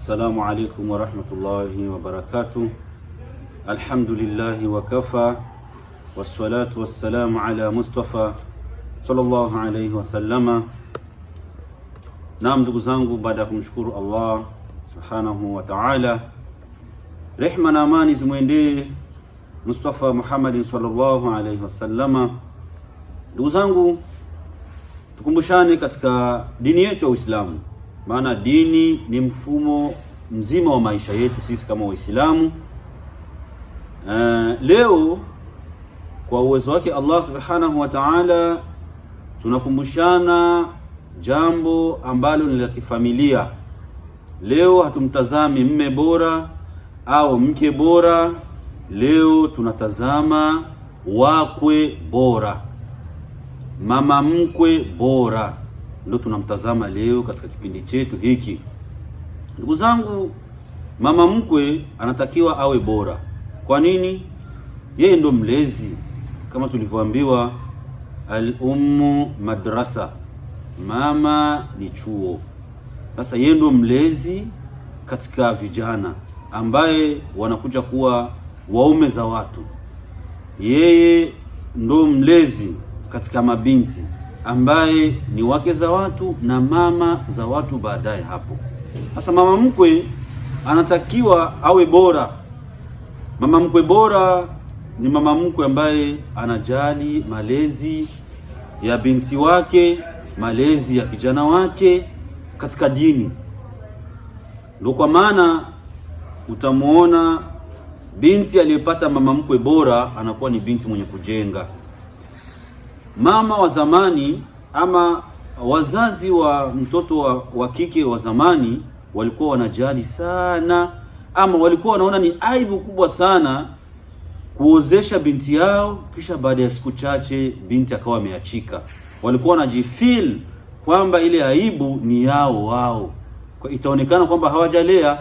Assalamu alaikum warahmatullahi wabarakatuh. Alhamdulillahi wakafa wassalatu wassalamu ala Mustafa sallallahu alayhi wasallama. Naam, ndugu zangu, baada ya kumshukuru Allah subhanahu wa ta'ala, rehma na amani zimwendee Mustafa Muhammadin sallallahu alayhi wasallama. Ndugu zangu, tukumbushane katika dini yetu ya Uislamu maana dini ni mfumo mzima wa maisha yetu sisi kama Waislamu. Uh, leo kwa uwezo wake Allah subhanahu wa ta'ala tunakumbushana jambo ambalo ni la kifamilia. Leo hatumtazami mme bora au mke bora, leo tunatazama wakwe bora, mama mkwe bora ndio tunamtazama leo katika kipindi chetu hiki. Ndugu zangu, mama mkwe anatakiwa awe bora. Kwa nini? Yeye ndo mlezi, kama tulivyoambiwa, al-ummu madrasa, mama ni chuo. Sasa yeye ndo mlezi katika vijana ambaye wanakuja kuwa waume za watu. Yeye ndo mlezi katika mabinti ambaye ni wake za watu na mama za watu baadaye hapo. Sasa mama mkwe anatakiwa awe bora. Mama mkwe bora ni mama mkwe ambaye anajali malezi ya binti wake, malezi ya kijana wake katika dini. Ndio kwa maana utamwona binti aliyepata mama mkwe bora anakuwa ni binti mwenye kujenga mama wa zamani ama wazazi wa mtoto wa, wa kike wa zamani walikuwa wanajali sana ama walikuwa wanaona ni aibu kubwa sana kuozesha binti yao, kisha baada ya siku chache binti akawa ameachika. Walikuwa wanajifil kwamba ile aibu ni yao wao, kwa itaonekana kwamba hawajalea.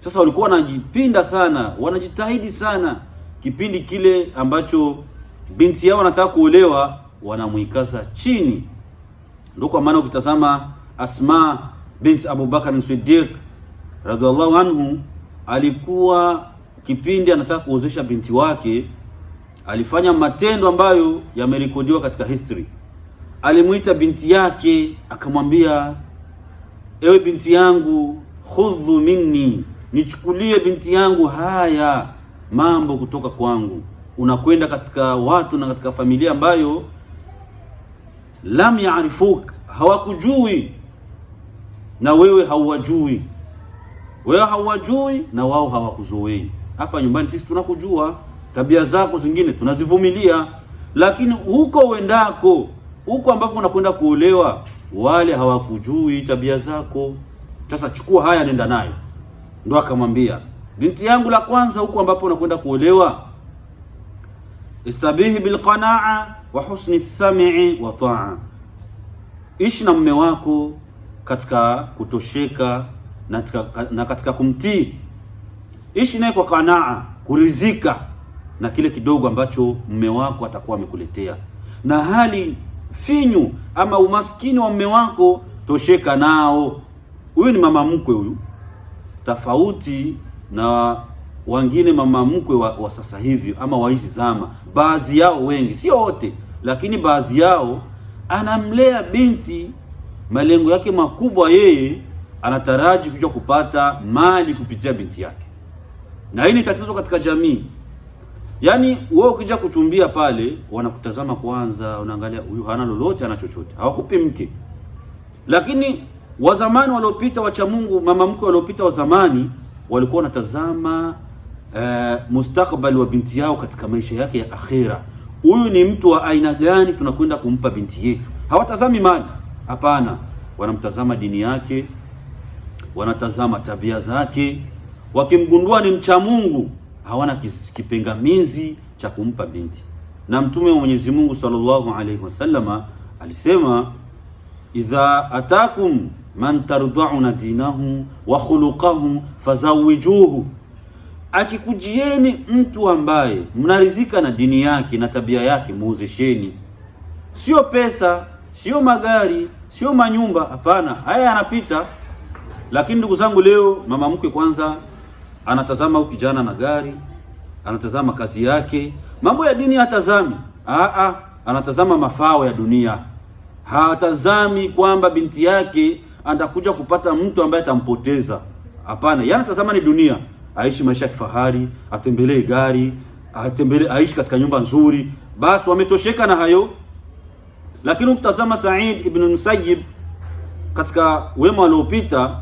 Sasa walikuwa wanajipinda sana, wanajitahidi sana, kipindi kile ambacho binti yao wanataka kuolewa, wanamwikaza chini. Ndio kwa maana ukitazama Asma binti Abu Bakar Siddiq radhiallahu anhu alikuwa kipindi anataka kuozesha binti wake alifanya matendo ambayo yamerekodiwa katika history. Alimwita binti yake akamwambia, ewe binti yangu, khudhu minni, nichukulie binti yangu haya mambo kutoka kwangu unakwenda katika watu na katika familia ambayo lam yaarifuk, hawakujui na wewe hauwajui, wewe hauwajui na wao hawakuzoei. Hapa nyumbani sisi tunakujua, tabia zako zingine tunazivumilia, lakini huko uendako, huko ambapo unakwenda kuolewa, wale hawakujui tabia zako. Sasa chukua haya, nenda nayo. Ndo akamwambia binti yangu, la kwanza, huko ambapo unakwenda kuolewa istabihi bilqanaa wa husni samii wa taa, ishi na mume wako katika kutosheka na katika, na katika kumtii. Ishi naye kwa qanaa, kuridhika na kile kidogo ambacho mume wako atakuwa amekuletea, na hali finyu ama umaskini wa mume wako tosheka nao. Huyu ni mama mkwe, huyu tofauti na wengine mama mkwe wa, wa sasa hivi ama wa hizi zama, baadhi yao, wengi sio wote, lakini baadhi yao, anamlea binti malengo yake makubwa, yeye anataraji kuja kupata mali kupitia binti yake, na hii ni tatizo katika jamii. Yaani wewe ukija kuchumbia pale, wanakutazama kwanza, unaangalia huyu hana lolote, ana chochote, hawakupi mke. Lakini wazamani waliopita wacha Mungu, mama mkwe waliopita wazamani walikuwa wanatazama Eh, mustakbali wa binti yao katika maisha yake ya akhira Huyu ni mtu wa aina gani tunakwenda kumpa binti yetu? Hawatazami mali, hapana, wanamtazama dini yake, wanatazama tabia zake. Wakimgundua ni mcha Mungu, hawana kipingamizi cha kumpa binti. Na Mtume wa Mwenyezi Mungu sallallahu alaihi wasallama alisema idha atakum man tardauna dinahu wa khuluqahu fazawijuhu akikujieni mtu ambaye mnarizika na dini yake na tabia yake, muuzesheni. Sio pesa, sio magari, sio manyumba, hapana. Haya yanapita. Lakini ndugu zangu, leo mama mkwe kwanza anatazama huyu kijana na gari, anatazama kazi yake, mambo ya dini hatazami. Aa, anatazama mafao ya dunia, hatazami kwamba binti yake atakuja kupata mtu ambaye atampoteza. Hapana, yanatazama ni dunia aishi maisha ya kifahari, atembelee gari, atembelee, aishi katika nyumba nzuri, basi wametosheka na hayo. Lakini ukitazama Said ibn Musayyib katika wema aliopita,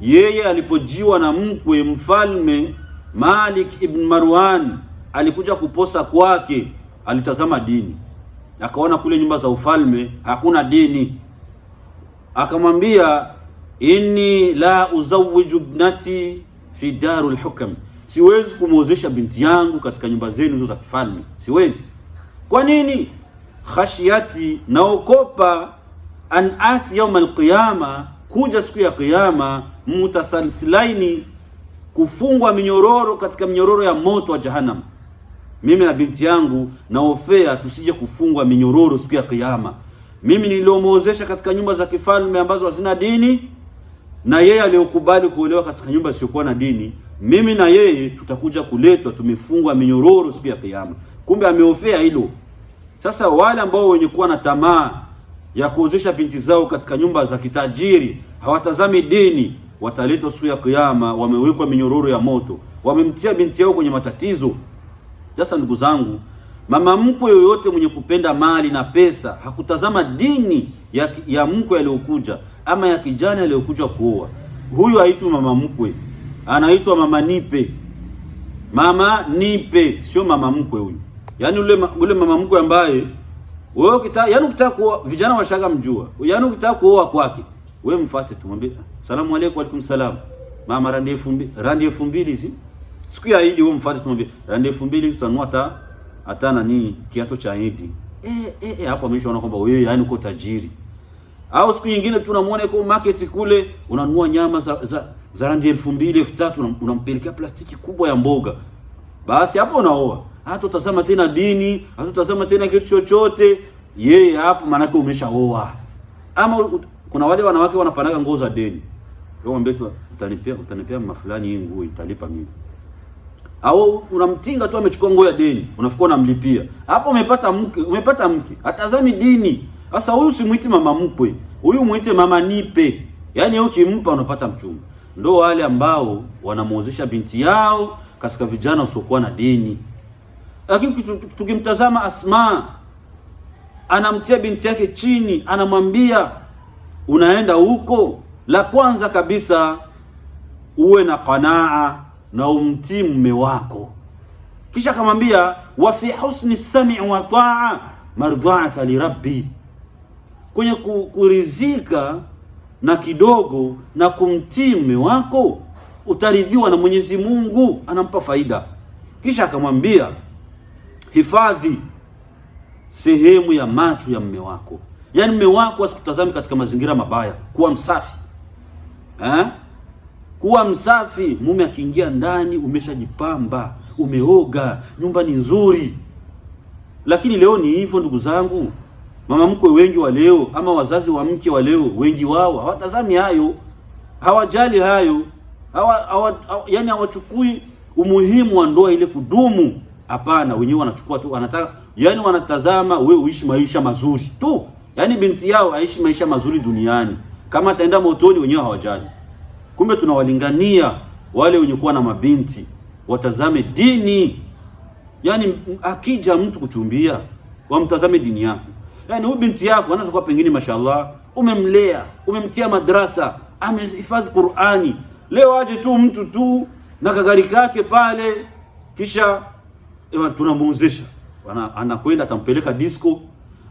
yeye alipojiwa na mkwe mfalme Malik ibn Marwan alikuja kuposa kwake, alitazama dini, akaona kule nyumba za ufalme hakuna dini, akamwambia inni la uzawiju ibnati fi darul hukam, siwezi kumwozesha binti yangu katika nyumba zenu hizo za kifalme, siwezi. Kwa nini? khashiyati naokopa an ati yaum alqiyama, kuja siku ya Kiyama, mutasalsilaini, kufungwa minyororo katika minyororo ya moto wa Jahannam. Mimi na binti yangu naofea tusije kufungwa minyororo siku ya Kiyama. Mimi niliomwozesha katika nyumba za kifalme ambazo hazina dini na yeye aliyokubali kuolewa katika nyumba isiyokuwa na dini, mimi na yeye tutakuja kuletwa tumefungwa minyororo siku ya Kiyama. Kumbe ameofea hilo. Sasa wale ambao wenye kuwa na tamaa ya kuozesha binti zao katika nyumba za kitajiri, hawatazami dini, wataletwa siku ya Kiyama, wamewekwa minyororo ya moto, wamemtia binti yao kwenye matatizo. Sasa ndugu zangu Mama mkwe yoyote mwenye kupenda mali na pesa hakutazama dini ya, ya mkwe aliyokuja ama ya kijana aliyokuja kuoa. Huyu haitwi mama mkwe, anaitwa mama nipe. Mama nipe, sio mama mkwe huyu. Yaani ule, ule mama mkwe ambaye wewe ukita, yaani ukitaka kuoa, vijana washaka mjua, yaani ukitaka kuoa kwake wewe mfuate tu, mwambie salamu alaykum, alaykum salam mama, randi 2000 randi 2000 mbili hizi siku ya Eid, wewe mfuate tu, mwambie randi 2000 tutanua taa hata nani kiato cha Idi eh eh e, eh, hapo ameshaona kwamba wewe yani uko tajiri. Au siku nyingine tunamuona yuko market kule, unanunua nyama za za, za randi elfu mbili elfu tatu unampelekea plastiki kubwa ya mboga, basi hapo unaoa. Hata utasema tena dini, hata utasema tena kitu chochote yeye hapo, maana yake umeshaoa. Ama kuna wale wanawake wanapanaga nguo za deni, wao mbetwa, utanipea utanipea mafulani hii nguo italipa mimi au unamtinga tu amechukua nguo ya deni, unafikua unamlipia hapo. Umepata mke, umepata mke atazami dini. Sasa huyu simwiti mama mkwe, huyu muite mama nipe. Yaani ukimpa unapata mchumba. Ndo wale ambao wanamwozesha binti yao katika vijana usiokuwa na deni. Lakini tukimtazama Asma, anamtia binti yake chini, anamwambia unaenda huko. La kwanza kabisa uwe na kanaa na umtii mume wako. Kisha akamwambia wa fi husni sami wa taa mardhaata rabbi, kwenye kuridhika na kidogo na kumtii mume wako utaridhiwa na Mwenyezi Mungu, anampa faida. Kisha akamwambia hifadhi sehemu ya macho ya mume wako, yaani mume wako asikutazame katika mazingira mabaya, kuwa msafi eh? kuwa msafi. Mume akiingia ndani, umeshajipamba, umeoga, nyumba ni nzuri. Lakini leo ni hivyo, ndugu zangu. Mama mkwe wengi wa leo ama wazazi wa mke wa leo, wengi wao hawatazami hayo, hawajali hayo, hawa, hawa, hawa, yani hawachukui umuhimu wa ndoa ile kudumu. Hapana, wenyewe wanachukua tu, wanataka yani, wanatazama we uishi maisha mazuri tu, yani binti yao aishi maisha mazuri duniani. Kama ataenda motoni, wenyewe hawajali. Kumbe tunawalingania wale wenye kuwa na mabinti, watazame dini. Yaani akija mtu kuchumbia, wamtazame dini yake. Yaani huyu binti yako anaweza kuwa pengine, mashallah, umemlea umemtia madrasa, amehifadhi Qur'ani, leo aje tu mtu tu na kagari kake pale, kisha eh, tunamuuzisha, anakwenda atampeleka disco,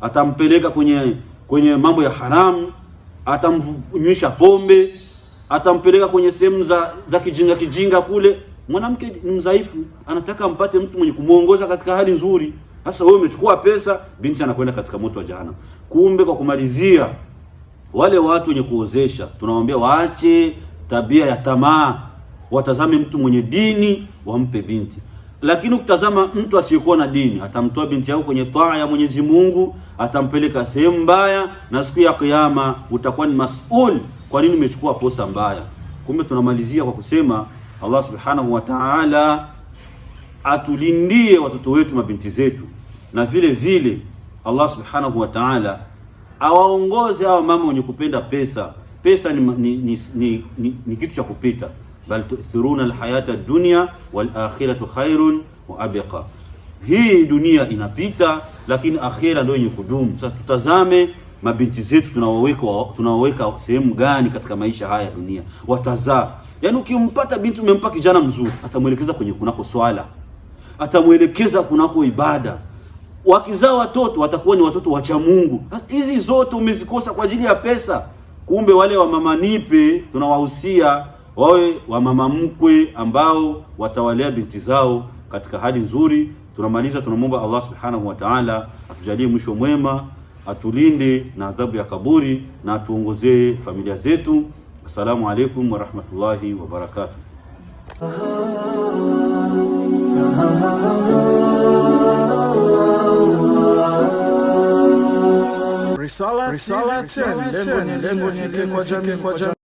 atampeleka kwenye kwenye mambo ya haramu, atamnywisha pombe atampeleka kwenye sehemu za, za kijinga kijinga kule. Mwanamke mdhaifu anataka mpate mtu mwenye kumuongoza katika hali nzuri. Sasa wewe umechukua pesa, binti anakwenda katika moto wa jahanamu. Kumbe kwa kumalizia, wale watu wenye kuozesha tunawaambia waache tabia ya tamaa, watazame mtu mwenye dini wampe binti. Lakini ukitazama mtu asiyekuwa na dini, atamtoa binti yako kwenye taa ya Mwenyezi Mungu, atampeleka sehemu mbaya, na siku ya Kiyama utakuwa ni masul kwa nini nimechukua posa mbaya? Kumbe tunamalizia kwa kusema Allah subhanahu wa ta'ala atulindie watoto wetu, mabinti zetu, na vile vile Allah subhanahu wa ta'ala awaongoze hawa mama wenye kupenda pesa. Pesa ni, ni, ni, ni, ni, ni kitu cha kupita, bal tuthiruna alhayata dunya wal akhiratu khairun wa abqa. Hii dunia inapita, lakini akhira ndio yenye kudumu. Sasa tutazame mabinti zetu tunawaweka tunawaweka sehemu gani katika maisha haya ya dunia, watazaa. Yaani ukimpata binti, umempa kijana mzuri, atamwelekeza kwenye kunako swala, atamwelekeza kunako ibada. Wakizaa watoto watakuwa ni watoto wacha Mungu. Hizi zote umezikosa kwa ajili ya pesa. Kumbe wale wamama nipe, tunawahusia wawe wamama mkwe ambao watawalea binti zao katika hali nzuri. Tunamaliza, tunamwomba Allah subhanahu wa ta'ala atujalie mwisho mwema atulinde na adhabu ya kaburi na atuongozee familia zetu. Assalamu alaikum warahmatullahi wabarakatuh. Risala, Risala,